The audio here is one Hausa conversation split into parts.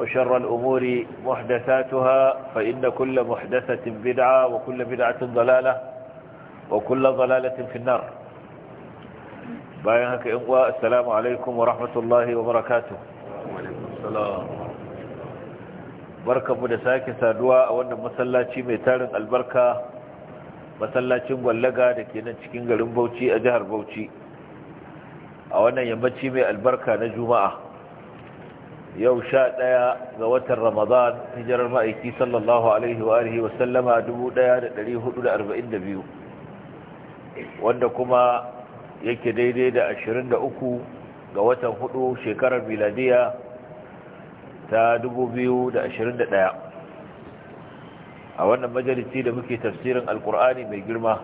وشر الأمور محدثاتها فإن كل محدثة بدعة وكل بدعة ضلالة وكل ضلالة في النار بايهك إنواء السلام عليكم ورحمة الله وبركاته وعليكم السلام بركة مدساك سادواء وأن مسلاتي ميتار البركة مسلاتي مولغة لكينا تشكين غلوم بوتي أجهر بوتي أولا يمتي مي البركة نجمعه yau sha ɗaya ga watan ramadan hijirar ma'aiki sallallahu alaihi wa alihi wasallama 1442 wanda kuma yake daidai da 23 ga watan hudu shekarar miladiya ta 2021 a wannan majalisi da muke tafsirin alkur'ani mai girma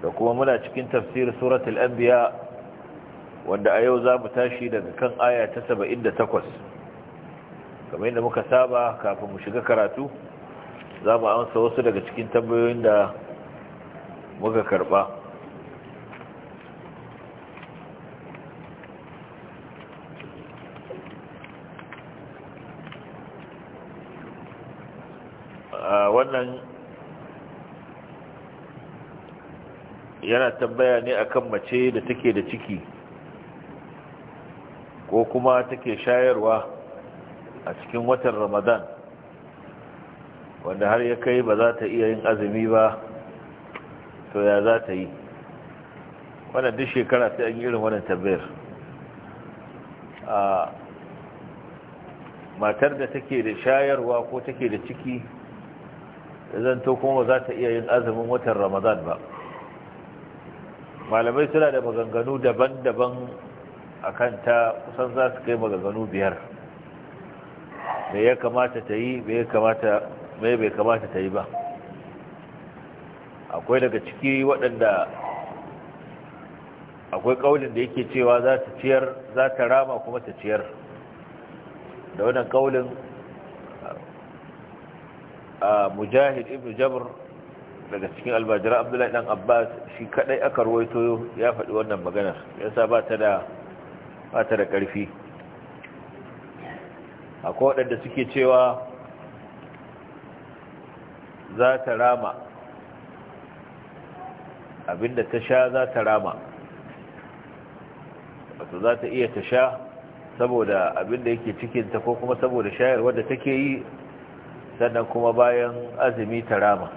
da kuma muna cikin tafsirin suratul anbiya wanda a yau za mu tashi daga kan aya ta 78 kamar yadda muka saba kafin mu shiga karatu za mu amsa wasu daga cikin tambayoyin da muka karba wannan yana tambaya ne akan mace da take da ciki ko kuma take shayarwa a cikin watan ramadan wanda har ya kai ba za ta iya yin azumi ba to ya za ta yi wannan duk shekara ta yi irin wannan tabbayar a matar da take da shayarwa ko take da ciki da zanto kuma za ta iya yin azumin watan ramadan ba malamai suna da maganganu daban-daban a ta kusan za su kai magaganu biyar mai ya kamata ta yi mai bai kamata ta yi ba akwai daga ciki waɗanda akwai ƙaunin da yake cewa za ta ciyar za ta rama kuma ta ciyar da wannan ƙaunin a mujahid ibn jabr daga cikin albajira abdullahi dan abbas shi kadai aka ruwaito ya faɗi wannan maganar yasa ba ta da ba ta da ƙarfi akwai waɗanda suke cewa za ta rama abinda ta sha za ta rama wato za ta iya ta sha saboda abinda yake cikinta ko kuma saboda shayar wadda take yi sannan kuma bayan azumi ta rama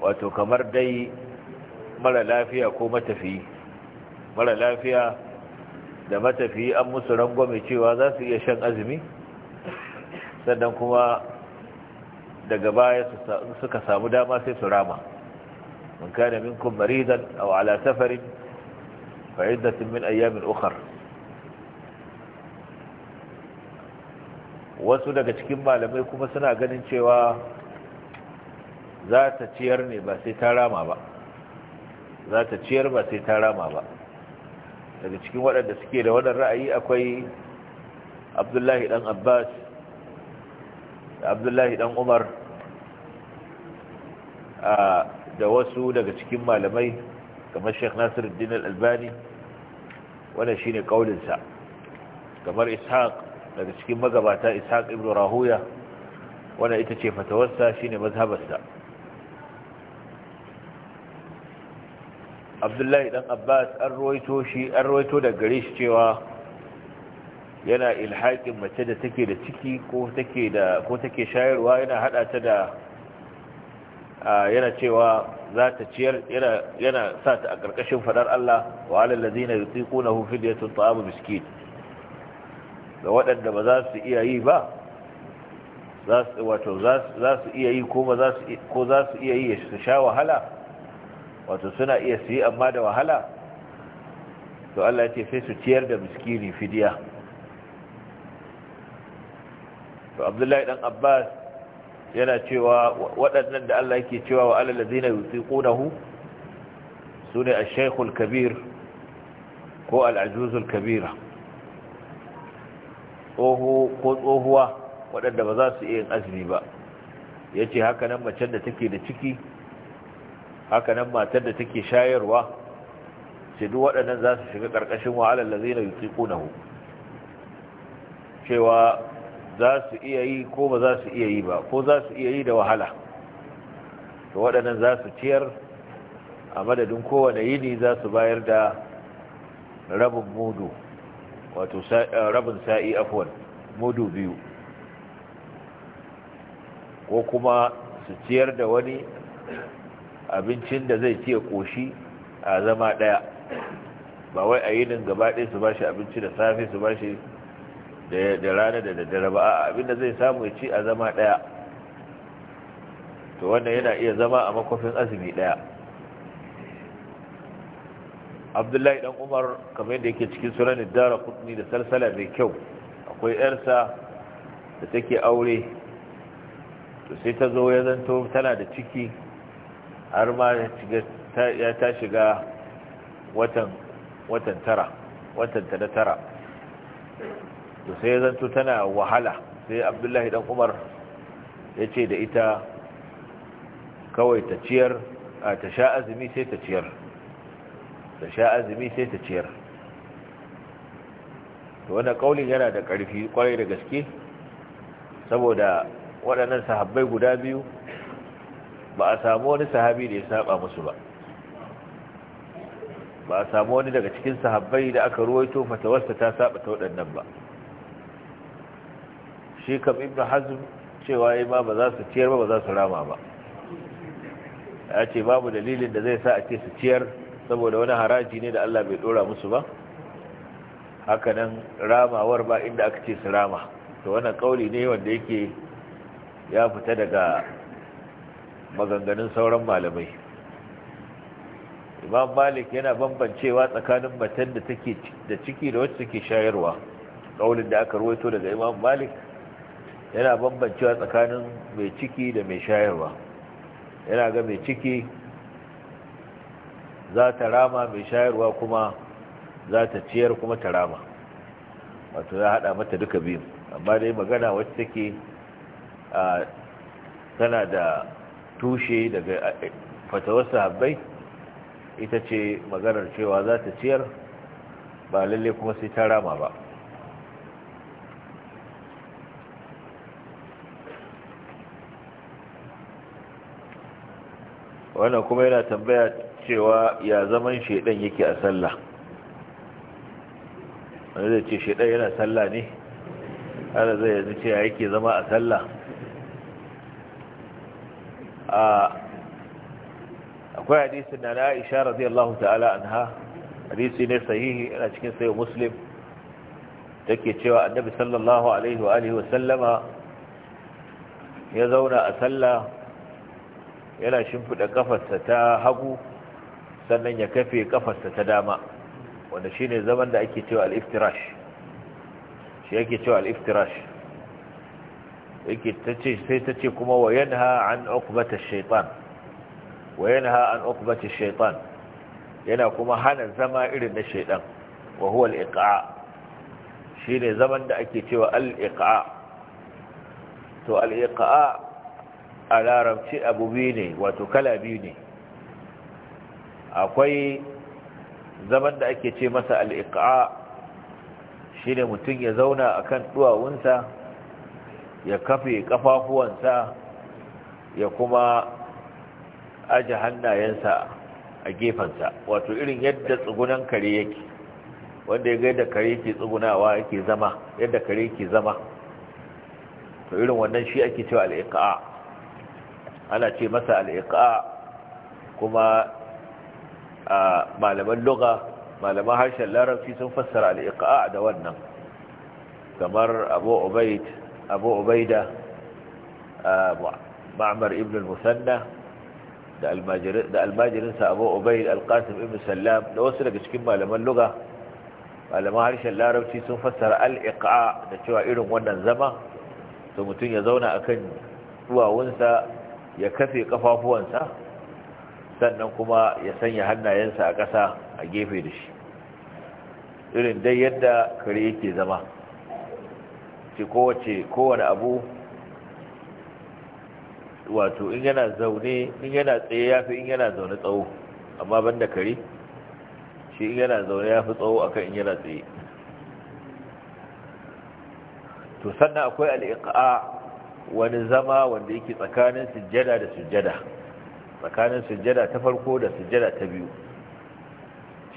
wato kamar dai mara lafiya ko matafiyi mara lafiya da matafiyi an musu rangwame cewa za su iya shan azumi sannan kuma daga baya suka samu dama sai su rama man kana minkum maridan aw ala safarin fa min ayyamin ukhar wasu daga cikin malamai kuma suna ganin cewa za ta ciyar ne ba sai ta rama ba za ta ciyar ba sai ta rama ba daga cikin waɗanda suke da wannan ra'ayi akwai abdullahi ɗan abbas da abdullahi ɗan umar da wasu daga cikin malamai kamar sheikh nasir dinar albani wannan shine kaulinsa kamar ishaq daga cikin magabata ishaq ibn rahuya wannan ita ce fatawarsa shine mazhabarsa abdullahi dan abbas an ruwaito shi an ruwaito da gare shi cewa yana ilhaƙin mace da take da ciki ko take shayarwa yana hada ta da yana cewa za ta ciyar yana sa ta a ƙarƙashin fadar Allah wa alal ladina yutiqunahu fidyatun ta'am miskin ga waɗanda ba za su iya yi ba za su iya yi ko ba za su ko za su iya yi su sha wahala wato suna iya su yi amma da wahala to Allah ce sai su ciyar da miskini fidiya to abdullahi dan abbas yana cewa waɗannan da Allah yake cewa wa alal ladina yutiqunahu sune ash-shaykh al-kabir ko al-ajuz kabira tsoho ko tsohuwa waɗanda ba za su iya azumi ba yace haka nan macen da take da ciki haka nan matar da take shayarwa sai duk waɗannan za su shiga ƙarƙashin wa'alar da zai na yi cewa za su iya yi ko ba za su iya yi ba ko za su iya yi da wahala to waɗannan za su ciyar a madadin kowane yini za su bayar da rabin mudu wato eh, rabin sa'i afwan mudu biyu ko kuma su ciyar da wani abincin da zai ciye koshi a zama daya ba wai a gaba gabaɗe su ba shi abinci da safe su ba shi da rana da daddare ba a abinda zai samu ya ci a zama daya to wannan yana iya zama a makwafin azumi ɗaya. abdullahi ɗan umar kamar yadda yake cikin sunan dara kutni da salsala mai kyau akwai yarsa da take aure to sai ta zo ya zanto tana da ciki har ma ya ta shiga watan tara watan ta na tara to sai zanto tana wahala sai abdullahi dan umar ya ce da ita kawai ta ciyar ta sha azumi sai ta ciyar ta sha azumi sai ta ciyar to wannan kaulin yana da ƙarfi kwarai da gaske saboda waɗannan sahabbai guda biyu ba a samu wani sahabi da ya saba musu ba ba a samu wani daga cikin sahabbai da aka ruwaito fatawarsa ta saba ta waɗannan ba shi kam ibn hazm cewa yi ma ba za su ciyar ba ba za su rama ba ya ce babu dalilin da zai sa a ce su ciyar saboda wani haraji ne da Allah bai dora musu ba hakanan ramawar ba inda aka ce su rama to wannan kauli ne wanda yake ya fita daga maganganun sauran malamai imam malik yana bambancewa tsakanin matan da take da ciki da wacce take shayarwa kaulin da aka ruwaito daga imam malik yana bambancewa tsakanin mai ciki da mai shayarwa yana ga mai ciki za ta rama mai shayarwa kuma za ta ciyar kuma ta rama wato ya hada mata duka biyu amma dai magana wacce take tana da tushe daga eh, eh, fatawar sahabbai ita ce maganar cewa za ta ciyar ba lalle kuma sai ta rama ba wannan kuma yana tambaya cewa ya zaman shaidan yake a sallah wanda zai ce shaidan yana sallah ne ana zai yanzu ce ya yake zama a sallah akwai hadisin na na isha radiyallahu ta'ala anha hadisi ne sahihi yana cikin sayo muslim take cewa annabi sallallahu alaihi wa wa sallama ya zauna a sallah yana shimfiɗa kafarsa ta hagu sannan ya kafe kafarsa ta dama wanda shine zaman da ake cewa al-iftirash shi yake cewa al-iftirash yake tace sai tace kuma wa yanha an uqbata ash-shaytan wa yanha an uqbata ash-shaytan yana kuma hana zama irin na shaydan wa huwa al-iqa shine zaman da ake cewa al-iqa to al-iqa a larabci abu biyu ne wato kala biyu ne akwai zaman da ake ce masa al-iqa shine mutum ya zauna akan duwawunsa ya kafe kafafuwansa ya kuma aje hannayensa a gefensa wato irin yadda tsugunan kare yake wanda ya gaida yadda kare ke tsugunawa yake zama yadda kare ke zama to irin wannan shi ake cewa al'iqa ana ce masa al'iqa kuma a malaman lugha malaman harshen larabci sun fassara al'iqa da wannan kamar abu ubaid abu ubaida ma'amar ibn musanna da almajirinsa abu ubaid al ibn Salam da wasu daga cikin malaman luga malaman harshen larabci sun fassara al da cewa irin wannan zama to mutum ya zauna akan duwawunsa ya kafe kafafuwansa sannan kuma ya sanya hannayensa a ƙasa a gefe da shi irin dai yadda kare yake zama ce kowace kowane abu wato in yana zaune in yana tsaye ya fi in yana zaune tsawo amma ban da kare shi in yana zaune ya fi tsawo akan in yana tsaye to sannan akwai al'iƙa wani zama wanda yake tsakanin sujjada da sujjada tsakanin sujjada ta farko da sujjada ta biyu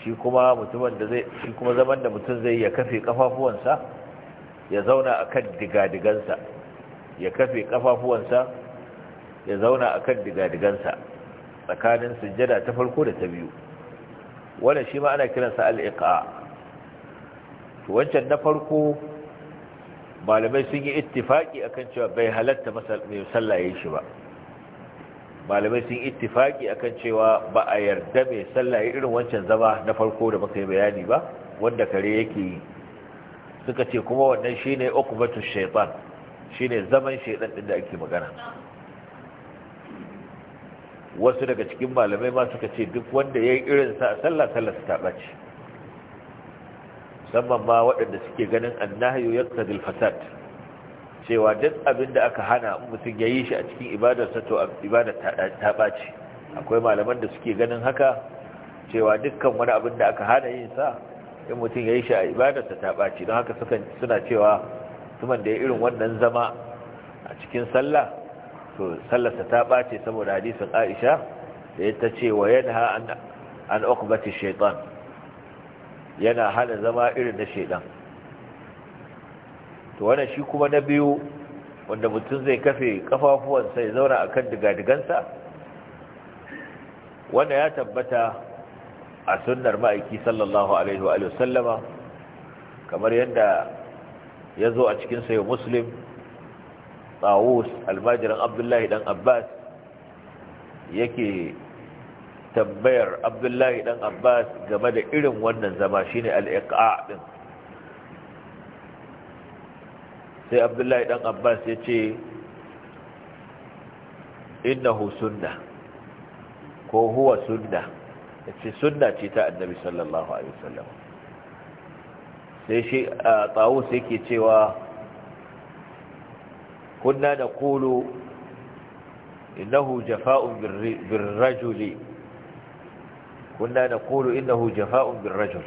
shi kuma da zai shi kuma zaman da mutum zai ya kafe kafafuwansa ya zauna a kan digadigansa ya kafe kafafuwansa ya zauna a kan digadigansa tsakanin sujjada ta farko da ta biyu wannan shi ma ana kiransa al’iƙa wancan na farko malamai sun yi ittifaki akan cewa bai halatta mai sallaye shi ba malamai sun yi ittifaki akan cewa ba a yarda mai sallaye irin wancan zama na farko da muka yi bayani ba wanda kare yake yi suka ce kuma wannan shine ukubatu shi shine zaman shaytan ɗin da ake magana wasu daga cikin malamai ma suka ce duk wanda yayi irin sa a sallah su ta ce musamman ma waɗanda suke ganin na hayo yadda cewa duk abin da aka hana mutum ya yi shi a cikin ibadarsa to ibadar ta bace akwai malaman da suke ganin haka cewa dukkan wani abin da aka hana yin sa in mutum ya yi shi a ibadarsa ta ɓaci don haka suna cewa tuman da ya irin wannan zama a cikin sallah to sallarsa ta ɓace saboda hadisin aisha da ya ta ce wa yanha an ukbati shaitan yana hana zama irin na shaitan to wane shi kuma na biyu wanda mutum zai kafe kafafuwansa ya zauna akan digadigansa wanda ya tabbata a sunnar ma'aiki sallallahu alaihi wa sallama kamar yadda ya zo a cikin sayo muslim tsawus almajiran abdullahi dan abbas yake tambayar abdullahi dan abbas game da irin wannan zama shine al'iqa din sai abdullahi dan abbas ya ce innahu sunna ko huwa sunna ya ce sunna ce ta annabi sallallahu alaihi wasallam sai shi a sai ke cewa kunna da kulu innahu jafa'un birrajuli kunna da kulu innahu jafa'un birrajul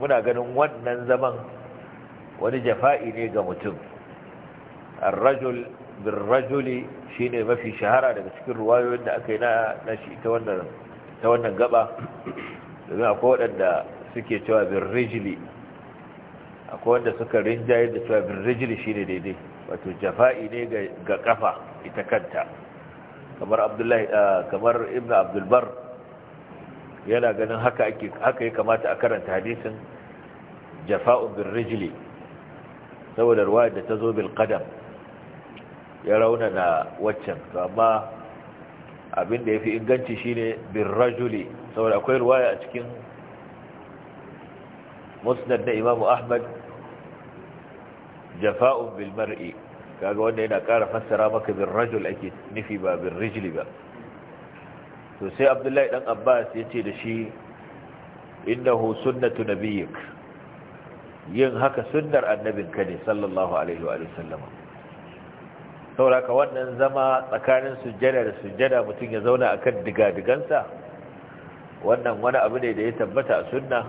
muna ganin wannan zaman wani jafa'i ne ga mutum bin shi ne الرجل بالرجل شيء ما في شهرة لكن رواية أكينا نشئت wannan. ta wannan gaba domin akwai waɗanda suke cewa birrijili akwai wanda suka rinjaye da cewa birrijili shi ne daidai wato jafa'i ne ga kafa ita kanta kamar ibn abdulbar yana ganin haka haka ya kamata a karanta hadisin jafa'u birrijili saboda ruwa da ta zo bil qadam ya rauna na waccan to amma abin da fi inganci shine birrajuli saboda akwai ruwaya a cikin musnad na imamu ahmad jafa'un bil kaga wanda yana ƙara fassara maka birrajul ake nufi ba birrijli ba to sai abdullahi dan abbas ya ce da shi innahu sunnatu nabiyyik yin haka sunnar annabinka ne sallallahu alaihi wa sallam sauraka wannan zama tsakanin sujjada da sujjada mutum ya zauna a kan digadigansa wannan wani abu ne da ya tabbata a sunna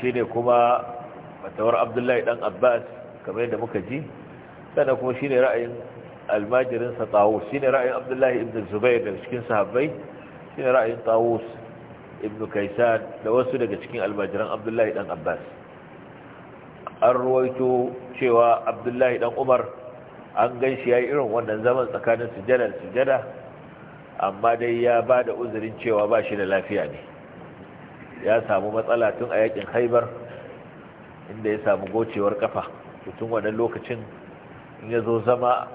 shi ne kuma matawar abdullahi dan abbas kamar yadda muka ji sannan kuma shi ne ra'ayin almajirinsa tawus shi ne ra'ayin abdullahi ibn zubair daga cikin sahabbai shi ne ra'ayin tawus ibn kaisan da wasu daga cikin almajiran abdullahi dan abbas an ruwaito cewa abdullahi dan umar an gan shi ya yi irin wannan zaman tsakanin sujada da sujada amma dai ya ba da uzurin cewa ba shi da lafiya ne ya samu matsala tun a yakin haibar inda ya samu gocewar kafa tun wannan lokacin in ya zo zama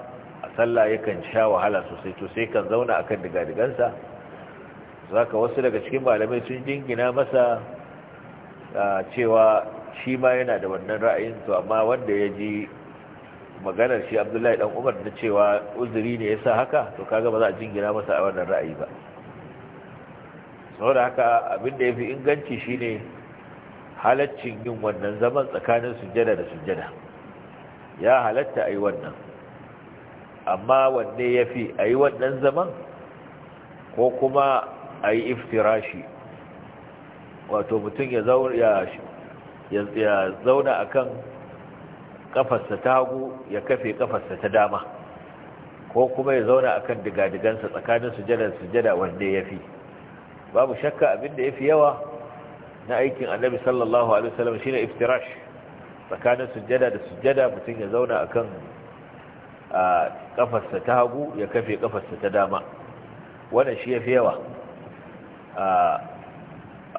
a sallah yakan sha wahala sosai to sai kan zauna akan digadigansa ka wasu daga cikin malamai sun jingina masa cewa shi ma yana da wannan ra'ayin to amma wanda ya ji maganar shi abdullahi dan umar na cewa uzuri ne ya sa haka to kaga ba za a jingina masa a wannan ra'ayi ba saboda haka abin da fi inganci shi ne halaccin yin wannan zaman tsakanin sujjada da sujjada ya halatta a yi wannan amma wanne ya fi a yi wannan zaman ko kuma a ayi iftirashi wato mutum ya zauna a akan kafarsa ta hagu ya kafe kafarsa ta dama ko kuma ya zauna a kan digadigansa tsakanin sujadar sujada wanda ya fi babu shakka abinda ya fi yawa na aikin annabi sallallahu alaihi wasallam shine iftirash tsakanin sujada da sujada mutum ya zauna a kan kafarsa ta hagu ya kafe kafarsa ta dama wannan shi ya fi yawa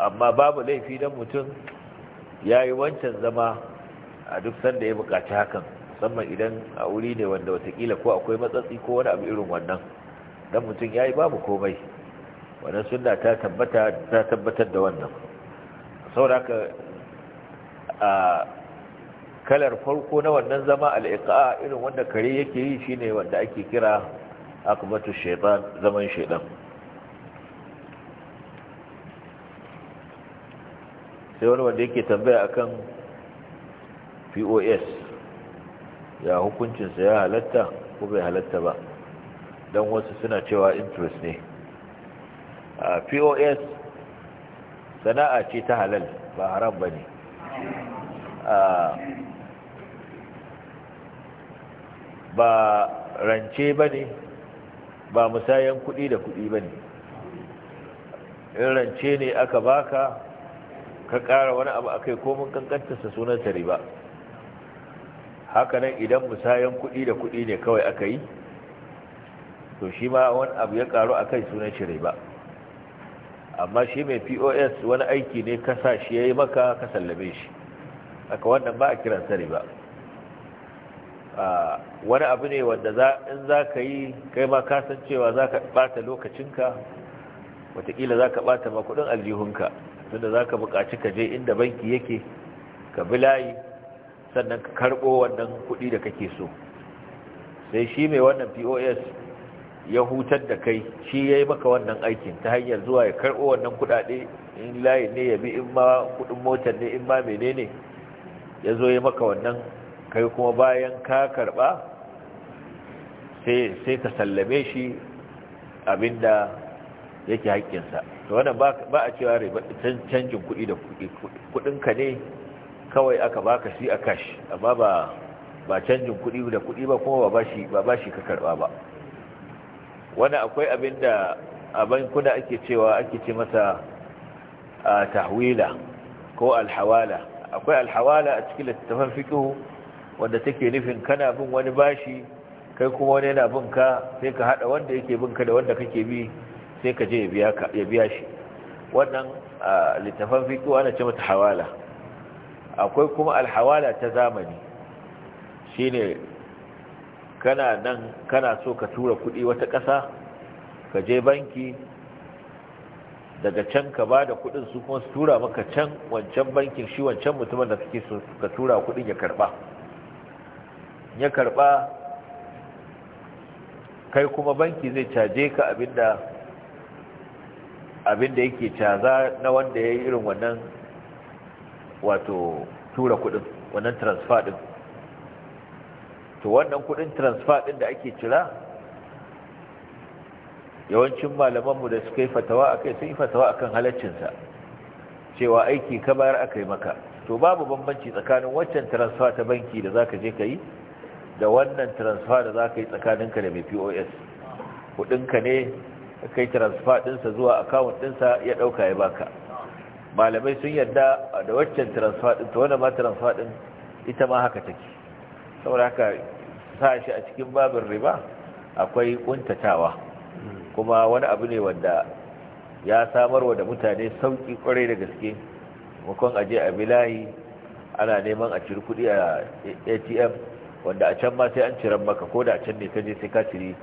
amma babu laifi dan mutum yayi wancan zama a duk sanda ya bukaci hakan musamman idan a wuri ne wanda watakila ko akwai matsatsi ko wani abu irin wannan don mutum ya yi babu komai wannan sunna ta tabbata ta tabbatar da wannan sauraka a kalar farko na wannan zama al’iƙa irin wanda kare yake yi shi ne wanda ake kira akbatu shaytan zaman shaytan sai wani wanda yake tambaya akan pos ya hukuncinsa ya halatta ko bai halatta ba don wasu suna cewa interest ne a pos sana'a ce ta halal ba haram ba ne ba rance ba ne ba musayen kudi da kudi ba ne in rance ne aka baka ka kara wani abu akai komin kankantarsa sunan riba haka nan idan musayan kuɗi da kuɗi ne kawai aka yi to shi ma wani abu ya karu a kai sunan shi ba amma shi mai pos wani aiki ne kasa shi ya yi maka ka sallame shi aka wannan ba a kiran kiransa ba wani abu ne wanda in za ka yi kai ma cewa za ka ɓata lokacinka watakila za ka ɓata makudin aljihunka tunda za ka buƙaci ka je inda banki yake ka bi layi sannan ka karɓo wannan kuɗi da kake so sai shi mai wannan pos ya hutar da kai shi ya yi maka wannan aikin ta hanyar zuwa ya karɓo wannan kuɗaɗe in layi ne ya bi in ma kuɗin motar ne in ma menene ya zo ya maka wannan kai kuma bayan ka karɓa sai ka sallame shi abinda yake haƙƙinsa to wannan ba a cewa riba canjin kuɗi da kuɗinka ne kawai aka baka shi a kashi amma ba ba canjin kuɗi da kuɗi ba kuma ba bashi ba bashi ka karba ba wani akwai abin da a ake cewa ake ce masa tahwila ko alhawala akwai alhawala a cikin littattafan fiqh wanda take nufin kana bin wani bashi kai kuma wani yana bin ka sai ka hada wanda yake bin ka da wanda kake bi sai ka je ya biya shi wannan littafin fiqh ana ce mata hawala akwai kuma alhawala ta zamani shine kana nan kana so ka tura kudi wata kasa ka je banki daga can ka ba da kudin su kuma su tura maka can wancan bankin shi wancan mutumin da suke so ka tura kudin ya karba ya karba kai kuma banki zai caje ka abinda abinda yake caza na wanda ya yi irin wannan wato tura kudin wannan transfer din to wannan kudin transfer din da ake cira yawancin mu da suka yi fatawa akai sun yi fatawa akan halaccinsa cewa aiki ka bayar akai maka to babu bambanci tsakanin waccan transfer ta banki da zaka je ka da wannan transfer da zaka yi tsakanin ka da mai POS ka ne kai transfer ɗinsa zuwa account sa ya dauka ya baka malamai sun yadda da waccan transfadin ta to wannan ma transfadin ita ma haka take saboda haka sa shi a cikin babin riba akwai kuntatawa kuma wani abu ne wanda ya samarwa da mutane sauki kwarai da gaske mukon aje a bilahi ana neman a ciri kudi a atm wanda a can ma sai an ciran maka ko da a can ne ka je sai ka ciri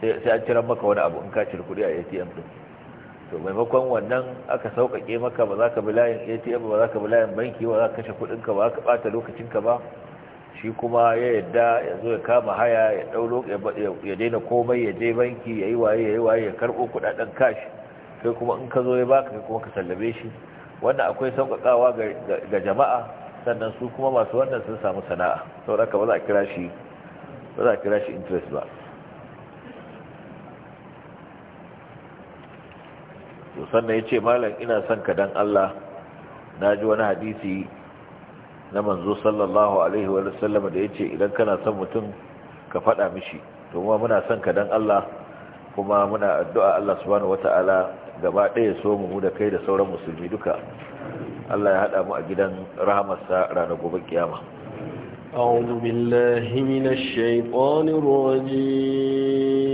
sai an ciran maka wani abu in ka ciri kudi a atm din to maimakon wannan aka sauƙaƙe maka ba za ka bi layin atm ba za ka bi layin banki ba za ka kashe kuɗinka ba za ka ɓata ka ba shi kuma ya yadda ya zo ya kama haya ya ɗaulo ya daina komai ya je banki ya yi waye ya yi waye ya karɓo kuɗaɗen kash kai kuma in ka zo ya baka kai kuma ka sallame shi wannan akwai sauƙaƙawa ga jama'a sannan su kuma masu wannan sun samu sana'a saboda ka ba za a kira shi ba za a kira shi interest ba to sannan ya ce malam ina son ka dan Allah na ji wani hadisi na manzo sallallahu alaihi wa sallam da ya ce idan kana son mutum ka faɗa mishi to kuma muna son ka dan Allah kuma muna addu'a Allah subhanahu wata'ala gaba ɗaya so mu da kai da sauran musulmi duka Allah ya haɗa mu a gidan rahamarsa ranar gobe kiyama أعوذ بالله من الشيطان الرجيم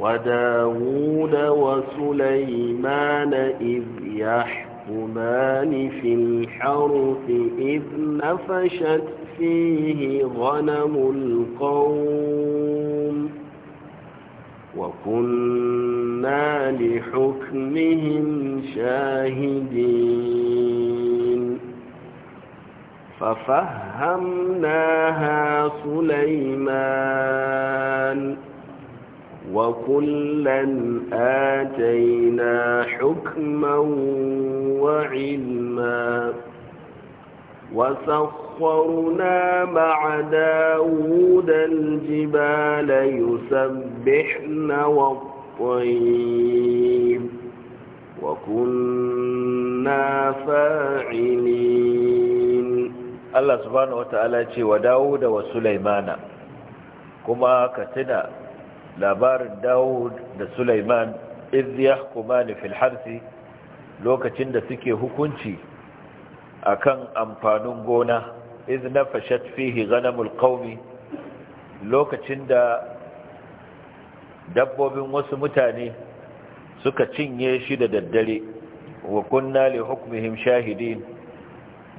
وداود وسليمان إذ يحكمان في الحرث إذ نفشت فيه غنم القوم وكنا لحكمهم شاهدين ففهمناها سليمان وكلا آتينا حكما وعلما وسخرنا مع داود الجبال يسبحن والطيب وكنا فاعلين الله سبحانه وتعالى يقول وداود وسليمان kuma ka tuna labarin dawud da sulaiman iz kuma fil harsi lokacin da suke hukunci a kan amfanin gona na nafashat fihi ganamul qaumi lokacin da dabbobin wasu mutane suka cinye shi da daddare wa kunna li hukmihim shahidin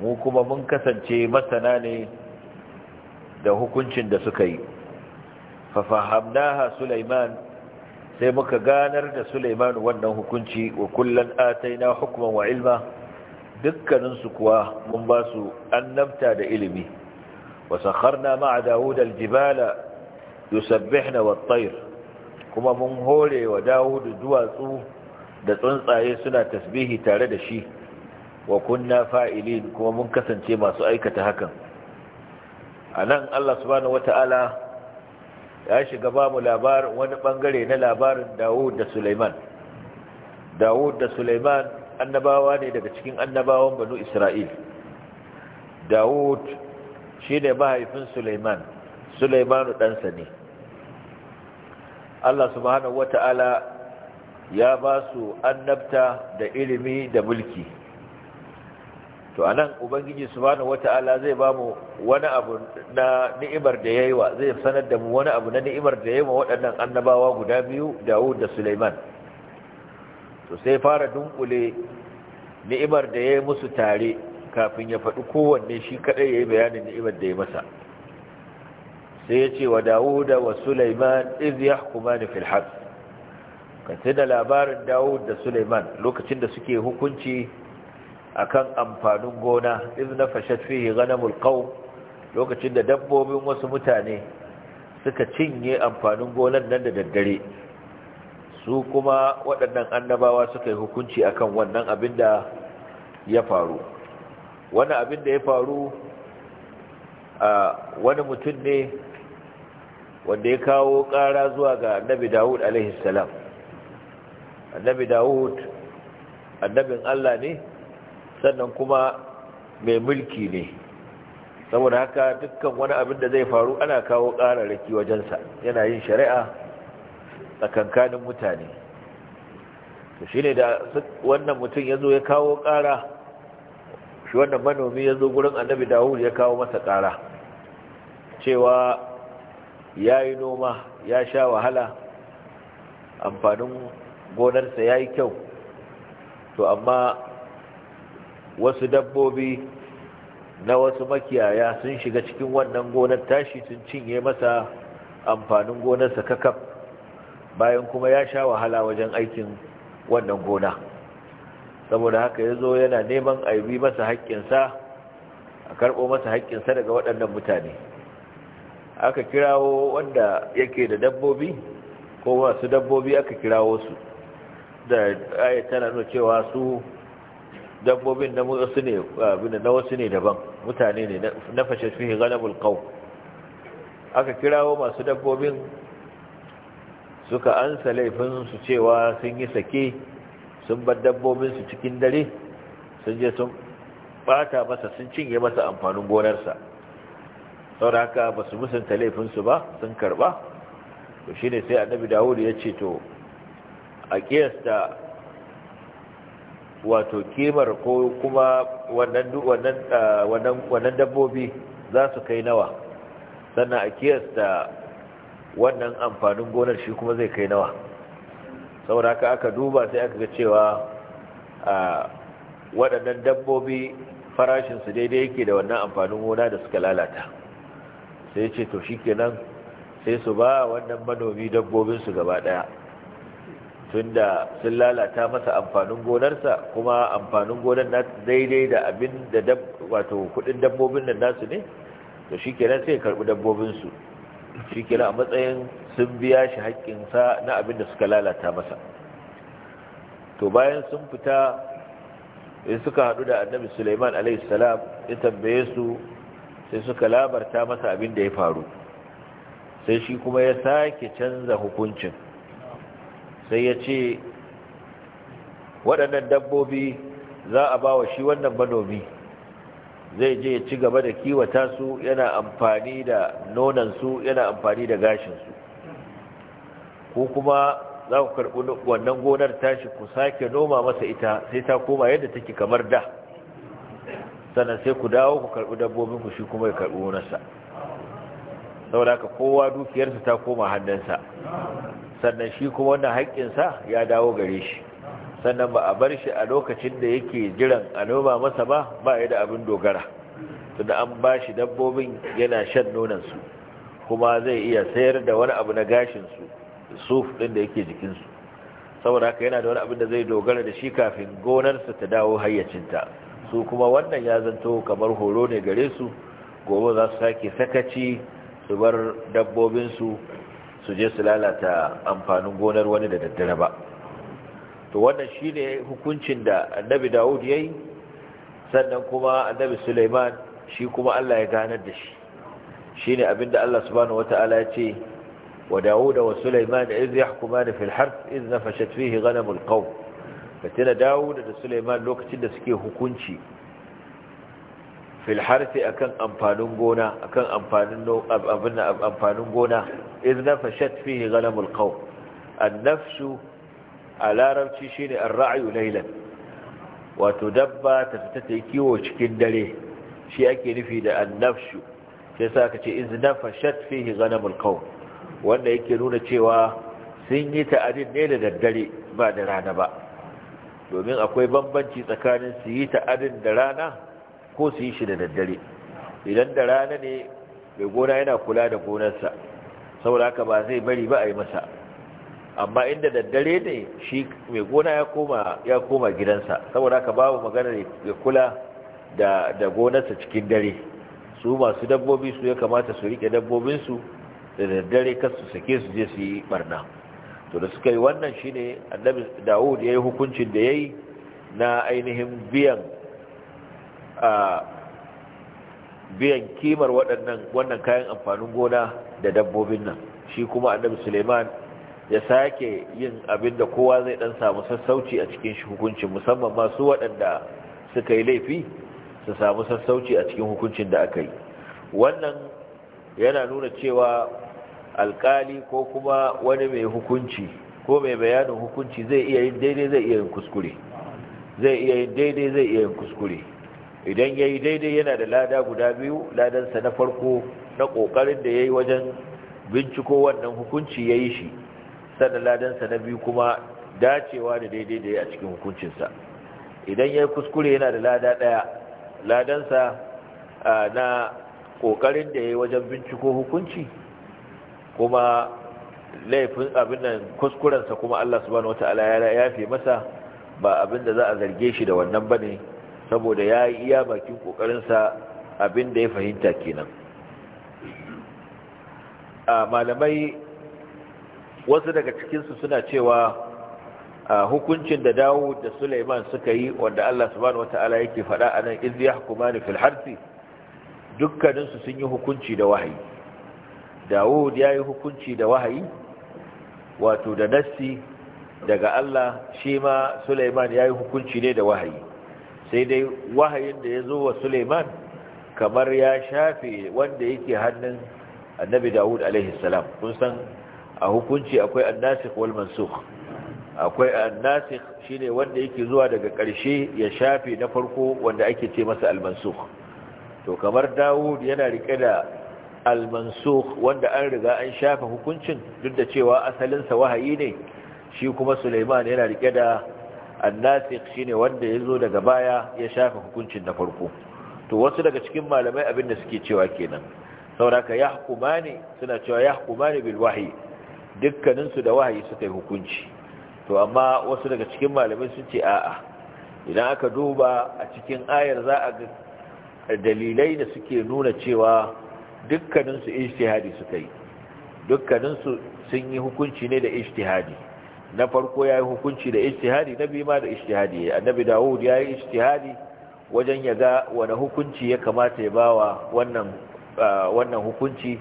mu kuma mun kasance masana ne da hukuncin da suka yi fafahamnaha Sulaiman sai muka ganar da Sulaiman wannan hukunci wa kullan ataina hukman wa ilma dukkanin su kuwa mun ba su annabta da ilimi wa sakharna ma'a Dawud Aljibala jibala yusabbihna wat kuma mun hore wa Dawud duwatsu da tsuntsaye suna tasbihi tare da shi wa kunna fa'ilin kuma mun kasance masu aikata hakan anan Allah subhanahu wata'ala ya shiga babu labarin wani bangare na labarin Dawud da Sulaiman Dawud da Sulaiman annabawa ne daga cikin annabawan banu Isra'il Dawud shi ne mahaifin Sulaiman Sulaimanu ɗansa ne Allah subhanahu wata'ala ya ba su annabta da ilimi da mulki to anan ubangiji subhanahu wata'ala zai ba mu wani abu na ni'imar da zai sanar da mu wani abu na ni'imar da yayi wa waɗannan annabawa guda biyu Dawud da Sulaiman to sai fara dunkule ni'imar da yayi musu tare kafin ya faɗi kowanne shi kaɗai ya yi bayanin ni'imar da ya masa sai ya ce wa Dawuda wa Sulaiman iz yahkumani fil ka tuna labarin Dawud da Sulaiman lokacin da suke hukunci akan amfanin gona na fashat fihi ganamul qaum lokacin da dabbobin wasu mutane suka cinye amfanin gonan nan da daddare su kuma waɗannan annabawa suka yi hukunci akan wannan abin da ya faru wani abin da ya faru a wani mutum ne wanda ya kawo ƙara zuwa ga annabi dawud salam annabi dawud annabin allah ne sannan kuma mai mulki ne saboda haka dukkan wani abin da zai faru ana kawo ƙararraki wajensa yana yin shari'a tsakankanin mutane to shi ne da wannan mutum ya zo ya kawo ƙara shi wannan manomi ya zo gurin annabi dawud ya kawo masa ƙara cewa ya yi noma ya sha wahala amfanin gonarsa ya yi kyau to amma wasu dabbobi na wasu makiyaya sun shiga cikin wannan gonar tashi sun cinye masa amfanin gonarsa kakaf bayan kuma ya sha wahala wajen aikin wannan gona saboda haka ya zo yana neman aibi masa haƙƙinsa a karɓo masa haƙƙinsa daga waɗannan mutane aka kirawo wanda yake da dabbobi ko masu dabbobi aka kirawo su da ayat tana nuna cewa su dabbobin na wasu ne na wasu ne daban mutane ne na fashe fi ganabul qaum aka kirawo masu dabbobin suka ansa laifin su cewa sun yi sake sun bar dabbobin su cikin dare sun je sun bata masa sun cinye masa amfanin gonarsa saboda haka ba su musanta laifin su ba sun karba to shine sai annabi Dawud ya ce to a kiyasta wato kimar ko kuma wannan dabbobi za su kai nawa sannan a kiyasta wannan amfanin gonar shi kuma zai kai nawa saboda haka aka duba sai aka ga cewa waɗannan dabbobi farashinsu daidai yake da wannan amfanin gona da suka lalata sai ce to shi kenan sai su ba wannan manomi dabbobinsu gaba ɗaya tunda sun lalata masa amfanin gonarsa kuma amfanin gonar na daidai da abin da wato kudin dabbobin nan nasu ne to shikenan sai karbi dabbobin su shikenan a matsayin sun biya shi haƙƙin sa na abin da suka lalata masa to bayan sun fita in suka hadu da Annabi Sulaiman alaihi salam ya tambaye su sai suka labarta masa abin da ya faru sai shi kuma ya sake canza hukuncin sai ya ce waɗannan dabbobi za a ba wa shi wannan manomi zai je ya ci gaba da kiwata su yana amfani da nonansu yana amfani da gashinsu ko kuma za ku karɓi wannan gonar tashi ku sake noma masa ita sai ta koma yadda take kamar da sannan sai ku dawo ku karɓi dabbobinku shi kuma ya karɓi gonarsa saboda haka kowa dukiyarsa ta koma hannunsa sannan shi kuma wannan sa ya dawo gare shi sannan ba a bar shi a lokacin da yake jiran a noma masa ba ba ya da abin dogara tunda an ba shi dabbobin yana shan nonansu kuma zai iya sayar da wani abu na gashinsu suf ɗin da yake jikinsu saboda haka yana da wani abin da zai dogara da shi kafin gonarsa ta dawo hayyacinta su kuma wannan ya zanto kamar horo ne gare su gobe za su sake sakaci su bar dabbobinsu su je su lalata amfanin gonar wani da daddare ba to wannan shine hukuncin da annabi Dawud yayi sannan kuma annabi Sulaiman shi kuma Allah ya ganar da shi shine abinda Allah subhanahu Ta'ala ya ce wa da wa Sulaiman iz yahkumani fil harth iz nafashat fihi ghanamul qawm fatina Dawud da Sulaiman lokacin da suke hukunci fil harfi akan amfanin gona akan amfanin abin amfanin gona idna fashat fihi ghanamul qaw an-nafsu a larabci shine ar-ra'yu laylan wato dabba ta fita ta yi kiwo cikin dare shi ake nufi da an-nafsu sai sa na ce idna fashat fihi ghanamul qaw wanda yake nuna cewa sun yi ta'adin ne da daddare ba da rana ba domin akwai bambanci tsakanin su yi ta'adin da rana ko su yi shi da daddare idan da rana ne mai gona yana kula da gonarsa saboda haka ba zai bari ba a yi masa amma inda daddare ne shi mai gona ya koma gidansa saboda haka babu magana ne ya kula da gonarsa cikin dare su masu dabbobi su ya kamata su rike dabbobinsu da daddare kan su sake su je su yi barna to da suka yi wannan shine annabi Dawud ya yi hukuncin da yayi na ainihin biyan a biyan kimar waɗannan wannan kayan amfanin gona da dabbobin nan shi kuma annabi suleiman ya sake yin abin da kowa zai dan samu sassauci a cikin hukuncin musamman masu waɗanda suka yi laifi su samu sassauci a cikin hukuncin da aka yi wannan yana nuna cewa alkali ko kuma wani mai hukunci ko mai bayanin hukunci zai iya zai iya yin daidai zai iya yin kuskure idan ya yi daidai yana da lada guda biyu ladansa na farko na ƙoƙarin da ya yi wajen binciko wannan hukunci ya yi shi sannan ladansa na biyu kuma dacewa da daidai da ya a cikin hukuncinsa idan ya yi kuskure yana da lada ɗaya ladansa na ƙoƙarin da ya yi wajen binciko hukunci kuma laifin abin nan kuskurensa kuma Allah subhanahu wataala ya yafe masa ba abin da za a zarge shi da wannan bane saboda ya yi iya bakin kokarinsa abin da ya fahimta kenan a malamai wasu daga cikinsu suna cewa hukuncin da dawud da suleiman suka yi wanda allah subhanahu wata'ala yake faɗa a nan izi ya ni filharsi dukkaninsu sun yi hukunci da wahayi dawud ya yi hukunci da wahayi wato da nassi daga allah shi ma suleiman ya yi hukunci ne da wahayi sai dai wahayin da ya zo wa suleiman kamar ya shafe wanda yake hannun annabi dawud alaihi kun san a hukunci akwai annasik wal mansukh akwai shi shine wanda yake zuwa daga ƙarshe ya shafe na farko wanda ake ce masa al mansukh to kamar dawud yana rike da al mansukh wanda an riga an shafe hukuncin duk da cewa asalinsa wahayi ne shi kuma suleiman yana rike da annasik shine wanda ya zo daga baya ya shafa hukuncin da farko to wasu daga cikin malamai abinda suke cewa kenan sauraka ya suna cewa ya bil wahyi bil su dukkaninsu da wahyi suka yi hukunci to amma wasu daga cikin malamai sun ce a'a idan aka duba a cikin ayar za a ga dalilai da suke nuna cewa dukkaninsu ijtihadi suka yi dukkaninsu sun yi hukunci ne da ijtihadi na farko ya yi hukunci da ijtihadi na biyu ma da ijtihadi annabi dawud ya yi ijtihadi wajen ya ga wani hukunci ya kamata ya bawa wannan wannan hukunci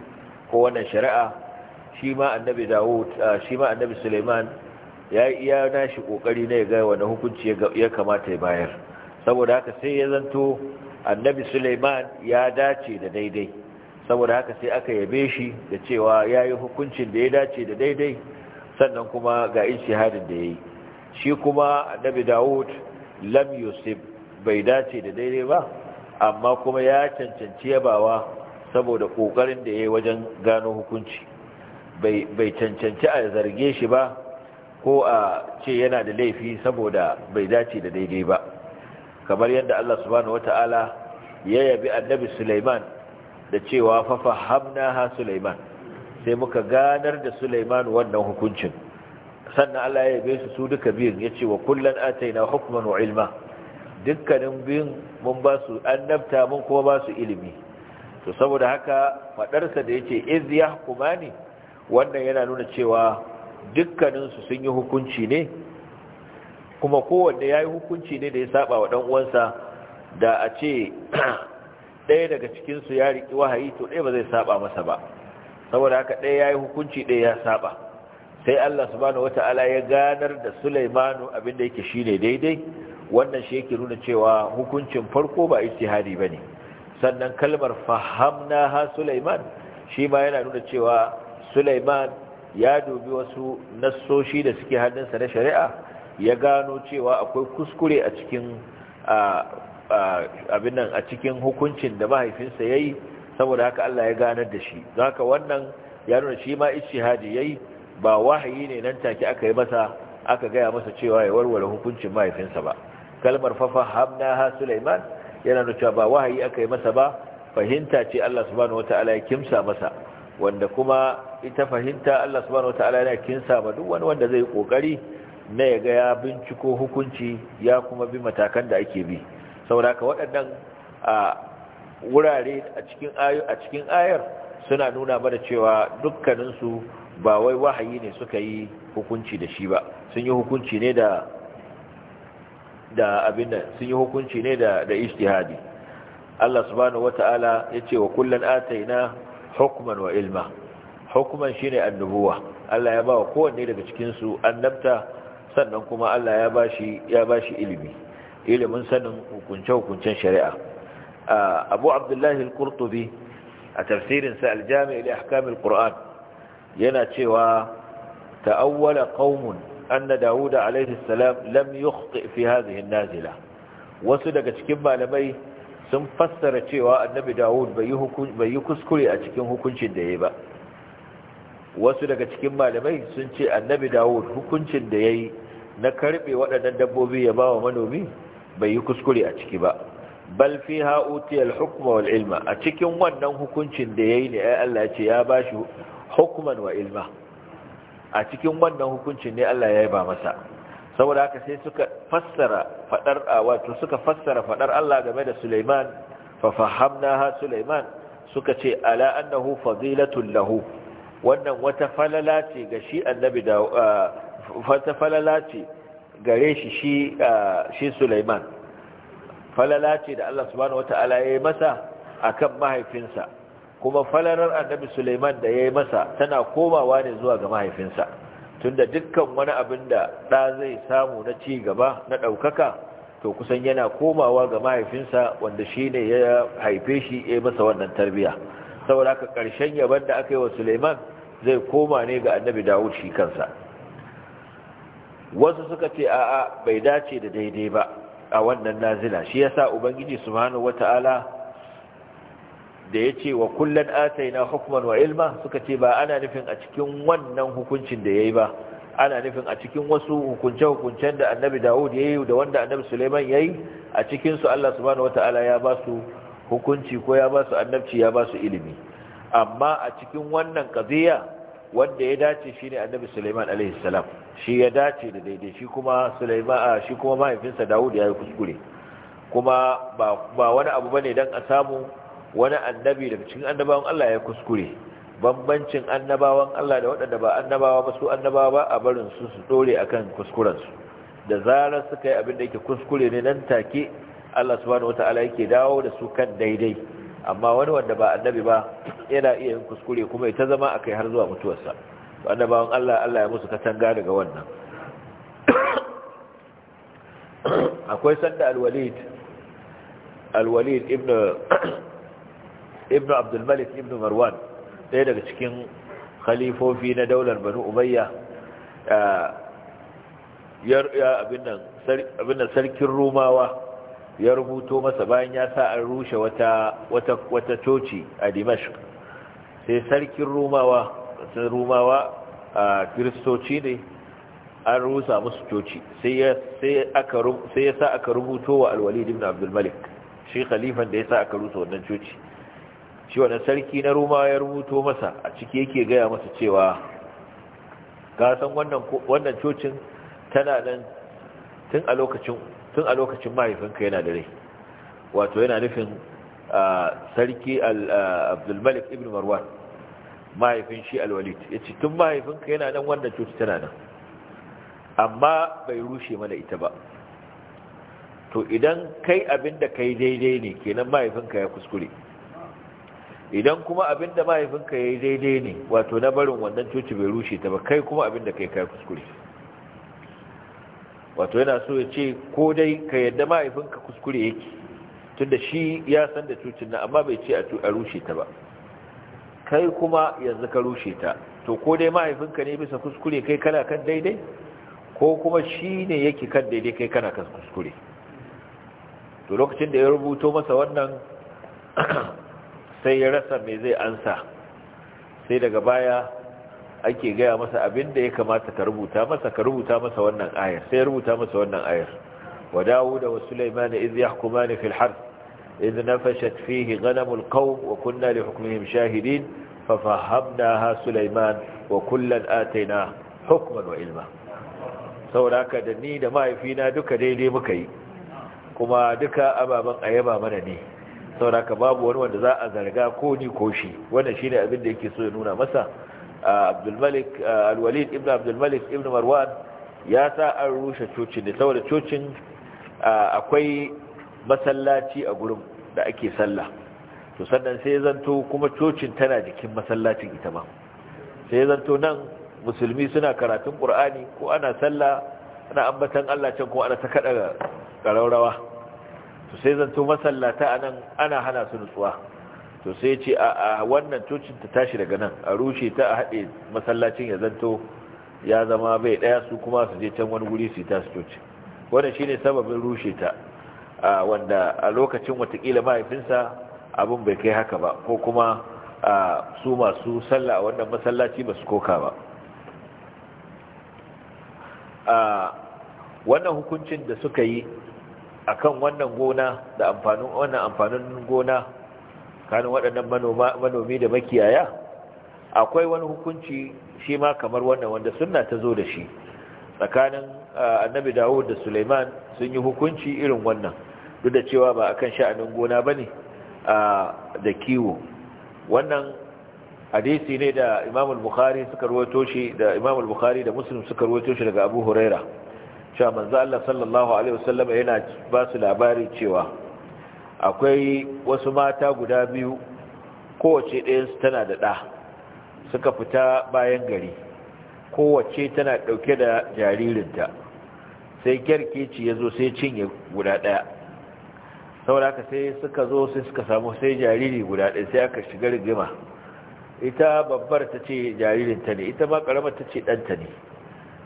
ko wannan shari'a shi ma annabi dawud shi ma annabi suleiman ya yi iya nashi kokari ne ga wani hukunci ya kamata ya bayar saboda haka sai ya zanto annabi suleiman ya dace da daidai saboda haka sai aka yabe shi da cewa ya yi hukuncin da ya dace da daidai sannan kuma ga ishihadin da ya yi. shi kuma annabi Dawud lam Yusuf bai dace da daidai ba amma kuma ya cancanci yabawa saboda kokarin da ya yi wajen gano hukunci bai cancanci a zarge shi ba ko a ce yana da laifi saboda bai dace da daidai ba kamar yadda Allah subhanahu wataala ya yabi annabi Sulaiman da cewa hamna ha Sulaiman sai muka ganar da Sulaiman wannan hukuncin sannan Allah ya yabe su su duka biyun ce wa kullan ataina hukman wa ilma dukkanin biyun mun ba su annabta mun kuma ba su ilimi to saboda haka fadarsa da yace iz yahkumani wannan yana nuna cewa dukkanin su sun yi hukunci ne kuma kowanne yayi hukunci ne da ya saba wa dan uwansa da a ce ɗaya daga cikin su ya riƙi wahayi to ɗaya ba zai saba masa ba saboda haka ɗaya ya yi hukunci ɗaya ya saba sai Allah subhanahu ta'ala ya ganar da Sulaimanu abinda yake ne daidai wannan shi yake nuna cewa hukuncin farko ba ba ne, sannan kalmar fahamna ha Sulaiman shi ma yana nuna cewa Sulaiman ya dubi wasu nassoshi da suke hannunsa na shari'a ya gano cewa akwai kuskure a cikin a cikin hukuncin da mahaifinsa ya yi. saboda haka Allah ya ganar da shi zaka wannan ya nuna shi ma ijtihadi yayi ba wahayi ne nan take aka yi masa aka gaya masa cewa ya warware hukuncin mahaifinsa ba kalmar fafa hamna ha Sulaiman yana nuna ba wahayi aka yi masa ba fahimta ce Allah subhanahu wataala ya kimsa masa wanda kuma ita fahimta Allah subhanahu wataala yana kinsa ma duk wani wanda zai kokari na ya ga ya binciko hukunci ya kuma bi matakan da ake bi saboda haka waɗannan a. wurare a cikin ayar suna nuna mana cewa dukkaninsu ba wai wahayi ne suka yi hukunci da shi ba sun yi hukunci ne da da abin da sun yi hukunci ne da da ijtihadi Allah subhanahu wataala yace wa kullan ataina hukman wa ilma hukman shine annubuwa Allah ya bawa kowanne daga cikin su annabta sannan kuma Allah ya bashi ya bashi ilimi ilimin sanin hukunce hukuncen shari'a abu abdullahi al-qurtubi a tafsirin sa al-jami' li ahkam quran yana cewa ta'awwala qaumun anna daud alayhi salam lam yukhti fi hadhihi an wasu daga cikin malamai sun fassara cewa annabi daud bai yi kuskure a cikin hukuncin da yayi ba wasu daga cikin malamai sun ce annabi dawud hukuncin da ya yi na karbe waɗannan dabbobi ya bawa manomi bai yi kuskure a ciki ba bal fi ha'uti al-hukma wal ilma a cikin wannan hukuncin da yayi ne ai Allah ya ce ya bashi hukman wa ilma a cikin wannan hukuncin ne Allah ya yi ba masa saboda haka sai suka fassara fadar wato suka fassara fadar Allah game da Sulaiman fa ha Sulaiman suka ce ala annahu fadilatul lahu wannan wata falala ce ga shi annabi da wata falala ce gare shi shi Sulaiman falala ce da Allah subhanahu wata'ala ya yi masa akan mahaifinsa kuma falalar annabi Suleiman da ya yi masa tana komawa ne zuwa ga mahaifinsa tunda dukkan wani abin da da zai samu na ci gaba na ɗaukaka to kusan yana komawa ga mahaifinsa wanda shine ya haife shi ya masa wannan tarbiya saboda haka karshen yaban da aka yi wa Suleiman zai koma ne ga annabi Dawud shi kansa wasu suka ce a'a bai dace da daidai ba a wannan nazila shi yasa ubangiji subhanahu wataala da yace wa kullan ataina hukman wa ilma suka ce ba ana nufin a cikin wannan hukuncin da yayi ba ana nufin a cikin wasu hukunce-hukuncen da annabi Dawud yayi da wanda annabi Suleiman yayi a cikin su Allah subhanahu wataala ya ba su hukunci ko ya ba su annabci ya ba su ilimi amma a cikin wannan qadiya wanda ya dace shi ne annabi Sulaiman alaihi salam shi ya dace da daidai shi kuma Sulaiman shi kuma mahaifinsa Dawud ya yi kuskure kuma ba wani abu bane dan a samu wani annabi da cikin annabawan Allah ya kuskure bambancin annabawan Allah da waɗanda ba annabawa ba su annabawa ba a barin su su dore akan kuskuren su da zarar suka yi abin da yake kuskure ne nan take Allah subhanahu wataala yake dawo da su kan daidai amma wani wanda ba annabi ba yana iya yin kuskure kuma ita zama akai har zuwa mutuwarsa to annabawan Allah Allah ya musu katanga daga wannan akwai sanda al-walid al-walid ibn ibn abdul malik ibn marwan ɗaya daga cikin khalifofi na daular banu umayya eh, ya abin nan sarkin rumawa ya rubuto masa bayan ya sa an rushe wata coci a dimashq sai sarkin rumawa sun rumawa a kiristoci ne an rusa musu coci sai ya sa aka rubuto wa al Al-Walid ibn abdulmalik shi khalifan da ya sa aka rusa wannan coci shi wannan sarki na rumawa ya rubuto masa a cikin yake gaya masa cewa ka san wannan cocin tana nan tun a lokacin tun a lokacin mahaifinka yana da rai wato yana nufin sarki abdulmalik ibn marwan mahaifin shi alwalid ya ce tun mahaifinka yana nan wanda cuta tana nan amma bai rushe mana ita ba to idan kai abinda kai daidai ne kenan mahaifinka ya kuskure idan kuma abinda mahaifinka ya yi daidai ne wato na barin wannan coci bai rushe ta ba kai kuma abinda kai kai kuskure wato yana so ya ce ko dai ka yadda mahaifinka kuskure yake da shi ya san da cutin na amma bai ce a rushe ta ba kai kuma yanzu ka rushe ta to ko dai mahaifinka ne bisa kuskure kai kana kan daidai ko kuma shi ne yake kan daidai kai kana kan kuskure to lokacin da ya rubuto masa wannan sai ya rasa mai zai ansa sai daga baya ake gaya masa abin da ya kamata ka rubuta masa ka rubuta masa wannan ayar sai rubuta masa wannan ayar wa dawuda wa sulaiman iz yahkumani fil harth iz nafashat fihi ghanamul qawm wa kunna li hukmihim shahidin fa fahamnaha sulaiman wa kullan atayna hukman wa ilma saboda haka da ni da mahaifina duka daidai muka yi kuma duka ababen ayaba mana ne saboda haka babu wani wanda za a zarga ko ni ko shi wannan shine abin da yake so ya nuna masa abdulmalik alwalid ibn abdulmalik ibn marwan ya sa an rushe cocin da saboda cocin akwai masallaci a gurin da ake sallah to sannan sai zanto kuma cocin tana jikin masallacin ita ba sai zanto nan musulmi suna karatun qur'ani ko ana sallah ana ambatan Allah can ko ana ta kada ƙararrawa to sai zanto masallata anan ana hana su nutsuwa to sai ce a wannan cocin ta tashi daga nan a rushe ta a haɗe masallacin ya zanto ya zama bai ɗaya su kuma su je can wani guri su yi tasu cocin wannan ne sababin rushe ta wanda a lokacin watakila mahaifinsa abin bai kai haka ba ko kuma su masu sallah a wannan masallaci ba su koka ba wannan hukuncin da suka yi akan wannan gona da amfanin wannan amfanin gona kanin waɗannan manomi da makiyaya akwai wani hukunci shi ma kamar wannan wanda suna ta zo da shi tsakanin annabi dawud da suleiman sun yi hukunci irin wannan duk da cewa ba akan sha'anin gona ba ne da kiwo wannan hadisi ne da imam bukhari suka ruwato shi da imam bukhari da muslim suka ruwato shi daga abu huraira cewa manzo Allah sallallahu alaihi wasallam yana ba su labari cewa akwai wasu mata guda biyu kowace ɗayansu tana da ɗa suka fita bayan gari kowace tana ɗauke da jaririnta sai kyarkeci ya zo sai cinye guda ɗaya sauraka sai suka zo sai suka samu sai jariri guda ɗaya sai aka shiga gima ita babbar ta ce jaririnta ne ita ma ƙaramar ta ce ɗanta ne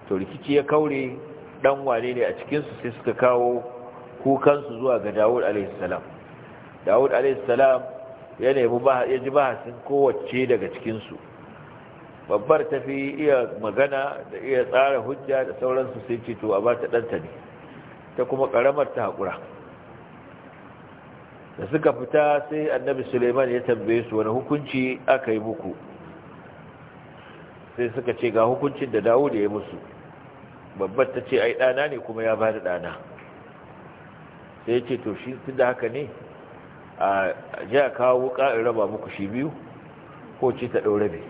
to rikici ya kaure ɗan wane ne a cikinsu sai suka kawo kukansu zuwa ga dawud salam dawud alaihissalam ya nemi ya ji bahasin kowace daga cikinsu babbar ta fi iya magana da iya tsara hujja da sauransu sai ce to a ba ta ɗanta ne ta kuma ƙaramar ta haƙura da suka fita sai annabi suleiman ya tambaye su wani hukunci aka yi muku sai suka ce ga hukuncin da dawud ya yi musu babbar ta ce ai ɗana ne kuma ya ba da ɗana sai ce to shi tun da haka ne a ja kawo wuka in raba muku shi biyu ko ce ta ɗaure bi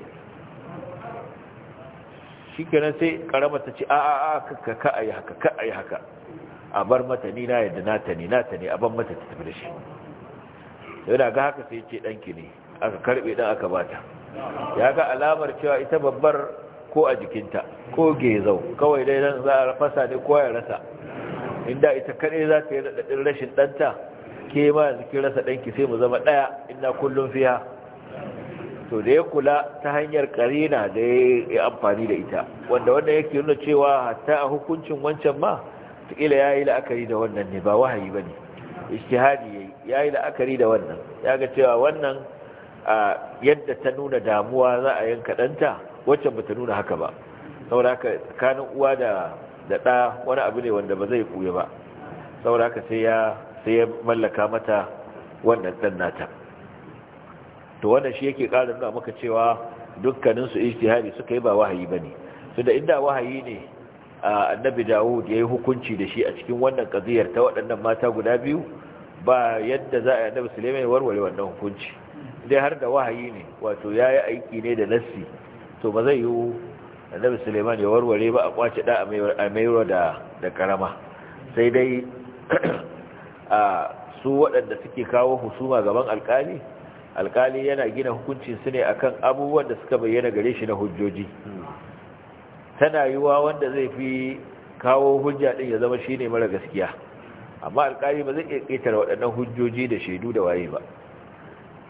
shi nan sai ƙarama ta ce a a a ka ka a yi haka ka a yi haka a bar mata ni na yadda na ta ne na ta ne a ban mata ta tafi da shi sai da ga haka sai ce ɗanki ne aka karɓe ɗan aka bata ya ga alamar cewa ita babbar ko a jikinta ko gezau kawai dai za a fasa ne ko ya rasa inda ita kaɗai za ta yi raɗaɗin rashin ɗanta ke ma yanzu rasa danki sai mu zama daya inna kullum fiha to da ya kula ta hanyar karina da ya yi amfani da ita wanda wanda yake nuna cewa hatta a hukuncin wancan ma ya yi la'akari da wannan ne ba wahayi ba ne. bane ya yi la'akari da wannan ya ga cewa wannan yadda ta nuna damuwa za a yanka danta ba ta nuna haka ba saboda haka tsakanin uwa da da ɗa wani abu ne wanda ba zai kuya ba saboda haka sai ya sai ya mallaka mata wannan ɗan nata to wannan shi yake ƙarin da muka cewa dukkaninsu ijtihadi suka yi ba wahayi ba ne su da inda wahayi ne annabi dawud ya yi hukunci da shi a cikin wannan kaziyar ta waɗannan mata guda biyu ba yadda za a yi annabi suleiman warware wannan hukunci dai har da wahayi ne wato ya yi aiki ne da nassi to ba zai yi annabi suleiman ya warware ba a kwace da a maiwa da karama sai dai a su waɗanda suke kawo husuma gaban alkali alkali yana gina hukuncin su ne akan abubuwan da suka bayyana gare shi na hujjoji tana yiwa wanda zai fi kawo hujja din ya zama shine mara gaskiya amma alkali ba zai iya ƙetare waɗannan hujjoji da shaidu da waye ba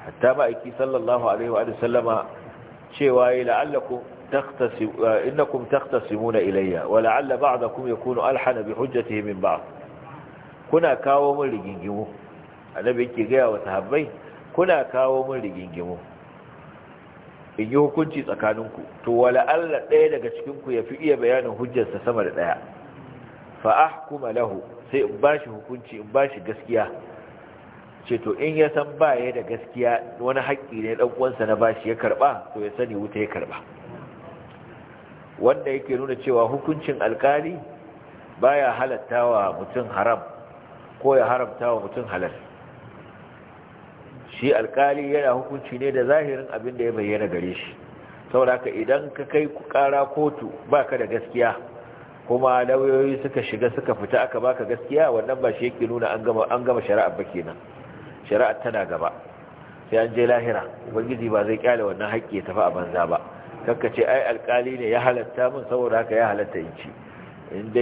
hatta ba aiki sallallahu alaihi wa sallama cewa ya la'allakum takhtasimuna ilayya wa la'alla ba'dakum yakunu alhana bi hujjatihi min ba'd kuna kawo mun rigingimu annabi yake gaya wa sahabbai kuna kawo mun rigingimu in yi hukunci tsakaninku to wala Allah ɗaya daga cikinku ya fi iya bayanin hujjarsa sama da ɗaya fa ahkuma lahu sai in bashi hukunci in bashi gaskiya ce to in ya san ba ya da gaskiya wani haƙƙi ne ɗan uwansa na bashi ya karɓa to ya sani wuta ya karɓa wanda yake nuna cewa hukuncin alƙali baya halattawa mutum haram ko ya haramta wa mutum halal shi alkali yana hukunci ne da zahirin abin da ya bayyana gare shi saboda haka idan ka kai kara kotu baka da gaskiya kuma lauyoyi suka shiga suka fita aka baka gaskiya wannan ba shi yake nuna an gama an gama shari'a ba kenan shari'a tana gaba sai an je lahira ubangiji ba zai kyale wannan haƙƙi ya tafi a banza ba kakka ce ai alkali ne ya halatta min saboda haka ya halatta in ci in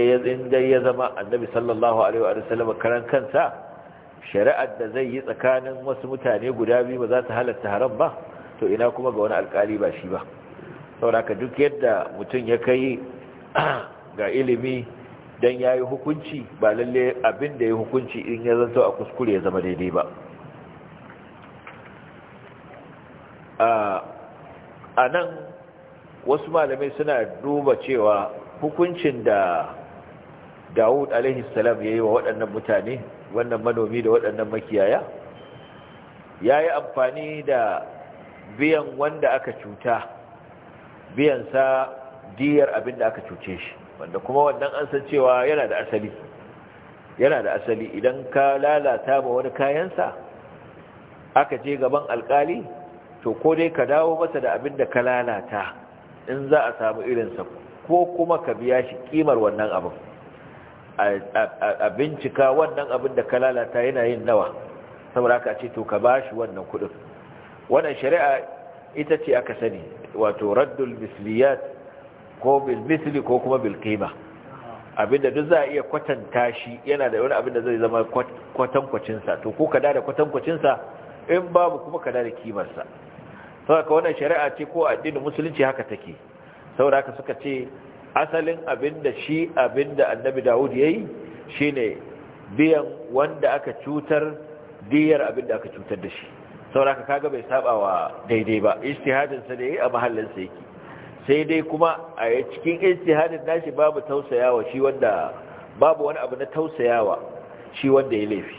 dai ya zama annabi sallallahu alaihi wa sallam karan kansa shari'ar da zai yi tsakanin wasu mutane guda biyu ba za ta halatta haram ba to ina kuma ga wani alkali ba shi ba sauraka duk yadda mutum ya kai ga ilimi don ya yi hukunci ba lalle abin da ya hukunci in ya zanto a kuskure ya zama daidai ba a nan wasu malamai suna duba cewa hukuncin da Dawud alaihi ya yi wa waɗannan mutane wannan manomi da waɗannan makiyaya yayi amfani da biyan wanda aka cuta biyan sa diyar abin da aka cuce shi wanda kuma wannan an san cewa yana da asali yana da asali idan ka lalata ba wani kayansa aka je gaban alkali to ko dai ka dawo masa da abin da ka lalata in za a samu irinsa ko kuma ka biya shi kimar wannan abin a bincika wannan abin da ka lalata yana yin nawa saboda aka ce to ka bashi wannan kudin wannan shari'a ita ce aka sani wato raddul misliyat ko bil ko kuma bil qima abinda duk za a iya kwatanta shi yana da wani abin da zai zama kwatankwacin to ko ka da kwatankwacin sa in babu kuma ka da kimar sa saboda wannan shari'a ce ko addinin musulunci haka take saboda suka ce asalin abinda shi abinda annabi Dawud yayi shine biyan wanda aka cutar diyar abinda aka cutar da shi sauraka kaga bai saba wa daidai ba ijtihadin sa da a mahallin sa yake sai dai kuma a cikin ijtihadin nashi babu tausayawa shi wanda babu wani abu na tausayawa shi wanda ya laifi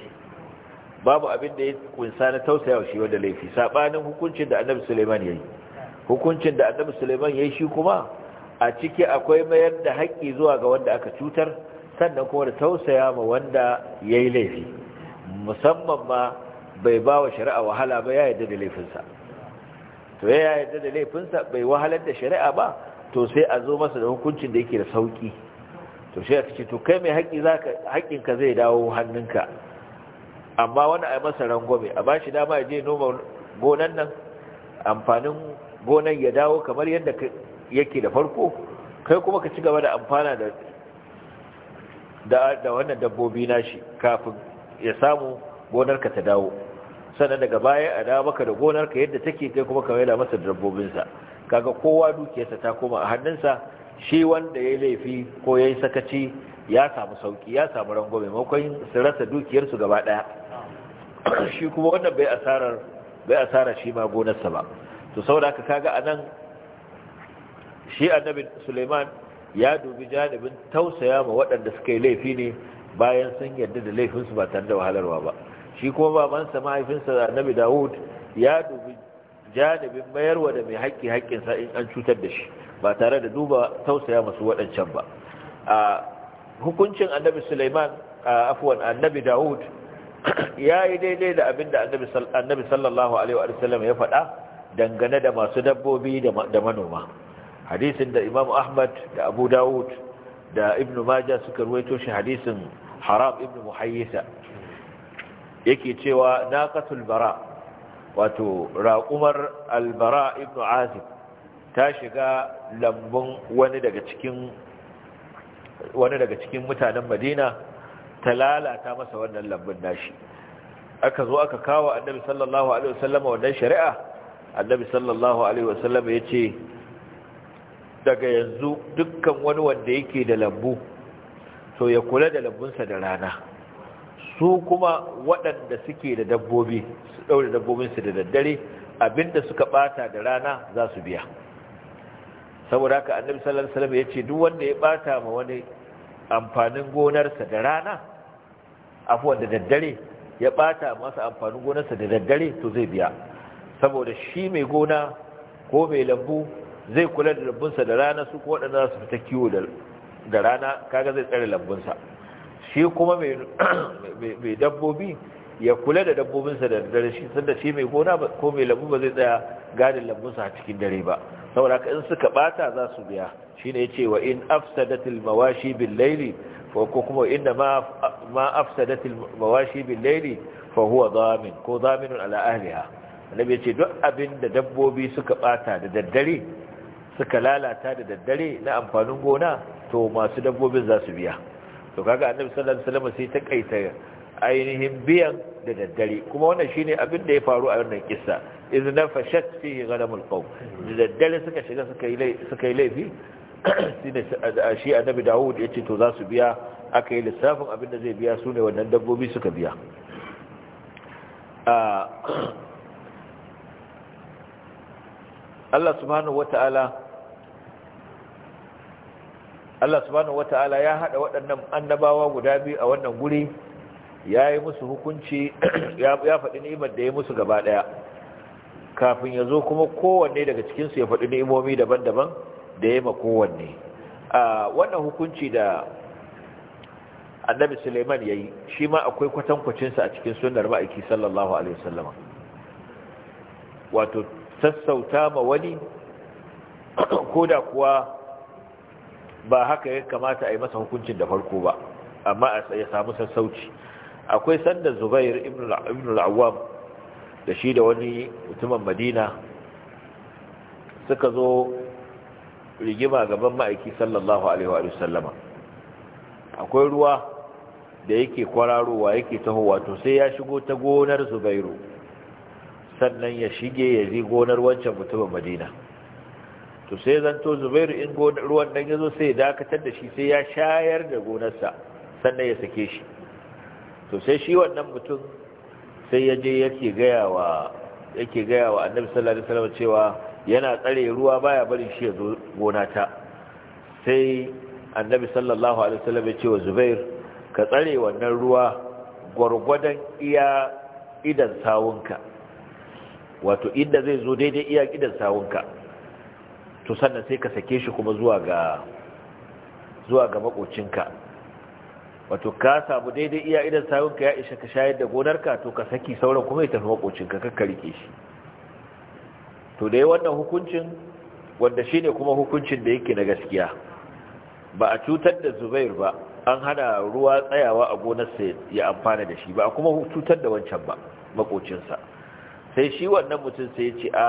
babu abin da ya kunsa na tausayawa shi wanda laifi sabanin hukuncin da annabi ya yi. hukuncin da annabi Sulaiman yayi shi kuma a ciki akwai mayar da haƙƙi zuwa ga wanda aka cutar sannan kuma da tausaya ma wanda yayi laifi musamman ma bai ba wa shari'a wahala ba ya yarda da laifinsa to ya yarda da laifinsa bai wahalar da shari'a ba to sai a zo masa da hukuncin da yake da sauki to sai a ce to kai mai haƙƙi zaka haƙƙinka zai dawo hannunka amma wani a masa rangwame a ba dama ya je noma gonan nan amfanin gonan ya dawo kamar yadda yake da farko kai kuma ka ci gaba da amfana da wannan dabbobi nashi kafin ya samu gonarka ta dawo sannan daga baya a dawo maka da gonarka yadda take kai kuma ka maida masa dabbobinsa kaga kowa dukiyarsa ta koma a hannunsa shi wanda ya laifi ko ya yi sakaci ya samu sauki ya samu rangwame maimakon su rasa dukiyarsu gaba ɗaya shi kuma wannan bai asarar shi ma gonarsa ba to saboda ka kaga anan shi annabi Sulaiman ya dubi janibin tausaya ma waɗanda suka yi laifi ne bayan sun yarda da laifinsu ba tare da wahalarwa ba shi kuma babansa mahaifinsa annabi Dawud ya dubi janibin mayarwa da mai haƙƙi haƙƙinsa in an cutar da shi ba tare da duba tausaya masu waɗancan ba a hukuncin annabi Sulaiman afwan annabi Dawud ya yi daidai da abin da annabi sallallahu alaihi wa sallam ya faɗa dangane da masu dabbobi da manoma hadisin da imam ahmad da abu dawud da ibn Maja suka ruwaito shi hadisin haram ibn muhayyisa yake cewa naqatul bara wato raqumar albara ibn azib ta shiga lambun wani daga cikin wani daga cikin mutanen madina ta lalata masa wannan lambun nashi aka zo aka kawo annabi sallallahu alaihi wasallam wannan shari'a annabi sallallahu alaihi wasallam ya ce daga yanzu dukkan wani wanda yake da lambu to ya kula da lambunsa da rana su kuma waɗanda suke da dabbobi su ɗaure dabbobinsu da daddare abinda suka bata da rana za su biya saboda haka annabi sallallahu alaihi wasallam ya ce duk wanda ya bata ma wani amfanin gonarsa da rana afuwan da daddare ya ɓata masa amfanin gonarsa da daddare to zai biya saboda shi mai gona ko mai lambu zai kula da lambunsa da rana su ko waɗanda za su fita kiwo da rana kaga zai tsare lambunsa shi kuma mai dabbobi ya kula da dabbobinsa da dare shi sanda shi mai gona ko mai lambu ba zai tsaya gadin lambunsa a cikin dare ba saboda haka in suka bata za su biya ne ce wa in afsadatil mawashi bil laili fa ko kuma inda ma ma afsadatil mawashi bil laili fa huwa dhamin ko dhaminun ala ahliha annabi ya ce duk abin da dabbobi suka bata da daddare suka lalata da daddare na amfanin gona to masu dabbobin za su biya to kaga annabi sallallahu alaihi wasallam sai ta kaita ainihin biyan da daddare kuma wannan shine abin da ya faru a wannan kissa idan fashat fihi ghanamul qawm da daddare suka shiga suka yi suka yi laifi shi annabi Dawud ce to za su biya aka yi lissafin abin da zai biya sune wannan dabbobi suka biya Allah subhanahu wata'ala Allah subhanahu wata'ala ya hada waɗannan annabawa guda biyu a wannan guri ya yi musu hukunci ya faɗi ni'imar da ya musu gaba ɗaya kafin ya zo kuma kowanne daga cikinsu ya faɗi ni'imomi daban-daban da ya ma kowanne a wannan hukunci da annabi suleiman ya yi shi ma akwai kwatankwacinsa a cikin sunar ma'aiki sallallahu alaihi wasallama wato sassauta ma wani ko da kuwa ba haka ya kamata a yi masa hukuncin da farko ba amma ya samu sassauci akwai sanda zubair ibn al'awam da shi da wani mutumin madina suka zo rigima gaban ma'aiki sallallahu alaihi wa sallama akwai ruwa da yake kwararowa yake tahowa to sai ya shigo ta gonar zubairu sannan ya shige ya zi gonar wancan mutumin madina to sai zanto zubairu in ruwan nan ya zo sai ya dakatar da shi sai ya shayar da gonarsa sannan ya sake shi to sai shi wannan mutum sai ya je yake gaya wa annabi sallallahu alaihi wasallam cewa yana tsare ruwa baya barin shi ya zo ta, sai annabi sallallahu alaihi wasallam ya ce wa zubair ka tsare wannan ruwa gwargwadon iya idan sawunka wato inda zai zo daidai iya idan sawunka to sannan sai ka sake shi kuma zuwa ga zuwa makocinka wato ka samu daidai iya idan sawunka ya isa ka shayar da gonarka to ka saki sauran kuma ya tafi makocinka ka rike shi to dai wannan hukuncin wanda shine kuma hukuncin da yake na gaskiya ba a cutar da Zubair ba an hana ruwa tsayawa a gonarsa ya amfana da shi ba a kuma cutar da wancan ba makocinsa sai shi wannan mutum sai ya ce a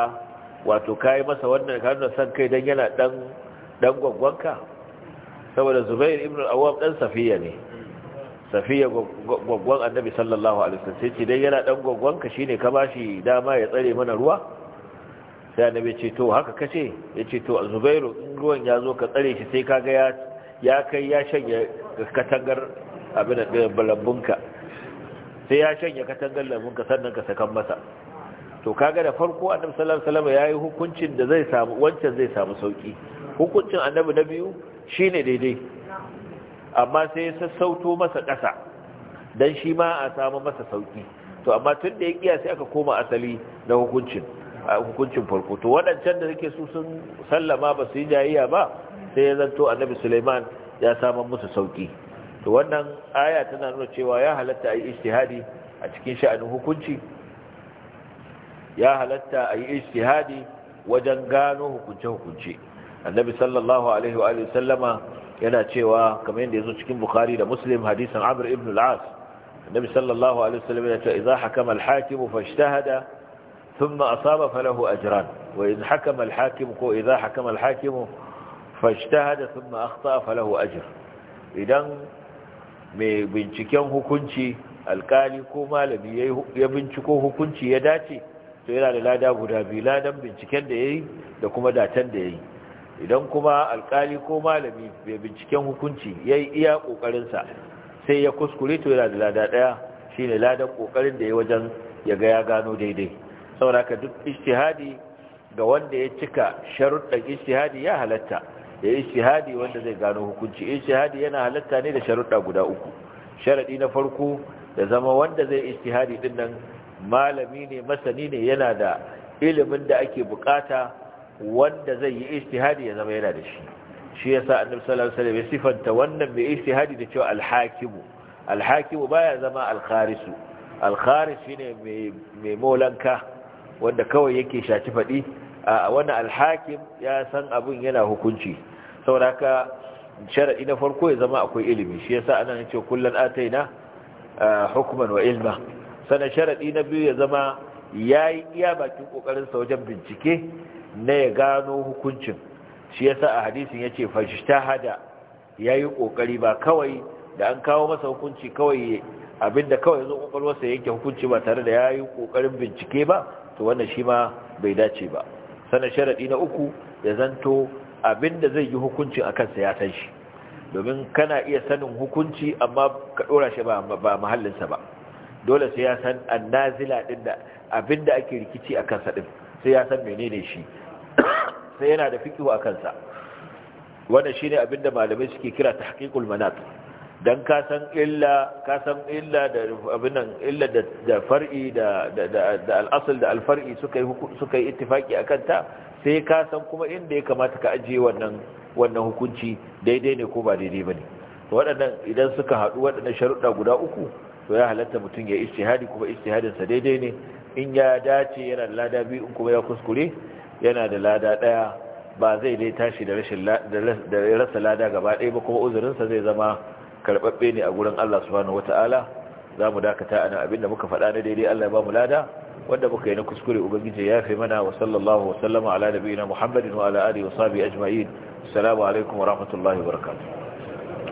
wato kayi masa wannan ka nuna san kai don yana dan dan saboda Zubair ibn al ɗan dan Safiya ne Safiya gwaggwan Annabi sallallahu alaihi wasallam sai ce dan yana dan shi shine ka bashi dama ya tsare mana ruwa sai Annabi ce to haka kace yace to Zubairu in ruwan ya zo ka tsare shi sai kaga ya ya kai ya shanye katangar abin da balabunka eh, sai ya shanye katangar lambunka sannan ka sakan masa to kaga da farko annabi sallallahu alaihi wasallam yayi hukuncin da zai samu wancan zai samu sauki hukuncin annabi na biyu shine daidai amma sai ya sassauto masa ƙasa dan shi ma a samu masa sauki to amma tun da ya kiya sai aka koma asali na hukuncin hukuncin farko to waɗancan da suke su sun sallama ba su yi jayayya ba sai ya zanto annabi Sulaiman ya samu musu sauki to wannan aya tana nuna cewa ya halatta a yi ijtihadi a cikin sha'anin hukunci ya halatta a yi ijtihadi wajen gano hukunce-hukunce annabi sallallahu alaihi wa sallama yana cewa kamar yadda zo cikin bukari da muslim hadisin abir ibn al annabi sallallahu alaihi wa yana cewa idza hakama al fashtahada thumma asaba falahu ajran wa hakama ko hakama fashtahada thumma akhta falahu ajr idan mai binciken hukunci alkali ko malami ya binciko hukunci ya dace to yana da lada guda biyu ladan binciken da ya da kuma datan da ya idan kuma alkali ko malami bai binciken hukunci ya yi iya ƙoƙarinsa sai ya kuskure to yana da lada ɗaya shine ladan kokarin da ya wajen ya ga ya gano daidai ka duk ishtihadi ga wanda ya cika sharuɗan ishtihadi ya halatta ya ishtihadi wanda zai gano hukunci ishtihadi yana halatta ne da sharuɗa guda uku sharaɗi na farko da zama wanda zai ishtihadi dinnan. malami ne masani ne yana da ilimin da ake bukata wanda zai yi istihadi ya zama yana da shi shi ya sa annabi sallallahu alaihi wasallam ya sifanta wannan mai istihadi da cewa al-hakimu al-hakimu baya zama al-kharisu al-kharis shine mai molanka wanda kawai yake shaci fadi a wannan al-hakim ya san abun yana hukunci saboda sharadi na farko ya zama akwai ilimi shi yasa anan yace kullal ataina ah, hukman wa ilma sana sharaɗi na biyu ya zama ya yi iya bakin kokarinsa wajen bincike na ya gano hukuncin shi yasa a hadisin ya ce hada ya yi ƙoƙari ba kawai da an kawo masa hukunci kawai abinda kawai zo ƙwaƙwalwarsa yanke hukunci ba tare da ya yi ƙoƙarin bincike ba to wannan shi ma bai dace ba sana sharaɗi na uku ya zanto abinda zai yi hukunci a kansa ya san shi domin kana iya sanin hukunci amma ka ɗora shi ba mahallinsa ba dole sai ya san annazila din da da ake rikici a kansa din sai ya san menene shi sai yana da fikihu a kansa wannan shine abinda malamai suke kira tahqiqul manat dan ka san illa ka san illa da abin nan illa da da far'i da da da al-asl da al-far'i suka yi suka yi ittifaki akan ta sai ka san kuma inda ya kamata ka ajiye wannan wannan hukunci daidai ne ko ba daidai bane waɗannan idan suka haɗu waɗannan sharuɗa guda uku to ya halatta mutum ya istihadi kuma istihadin sa daidai ne in ya dace yana da lada biyu in kuma ya kuskure yana da lada daya ba zai dai tashi da rashin da rasa lada gaba ɗaya ba kuma uzurin sa zai zama karbabbe ne a gurin Allah subhanahu wataala mu dakata ana abinda muka faɗa na daidai Allah ya ba mu lada wanda muka yi na kuskure ubangiji ya fi mana wa sallallahu wa sallama ala nabiyina muhammadin wa ala alihi wa sahbihi ajma'in assalamu alaikum wa rahmatullahi wa barakatuh